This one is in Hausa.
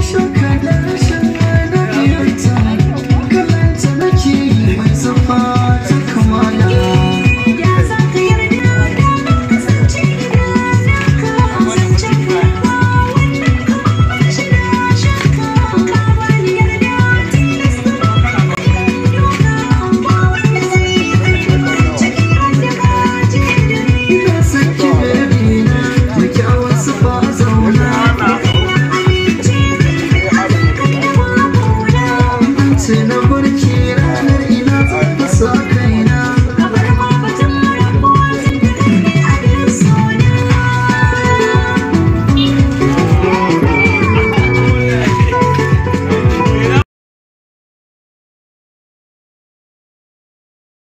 说开了。Tuna burki ranar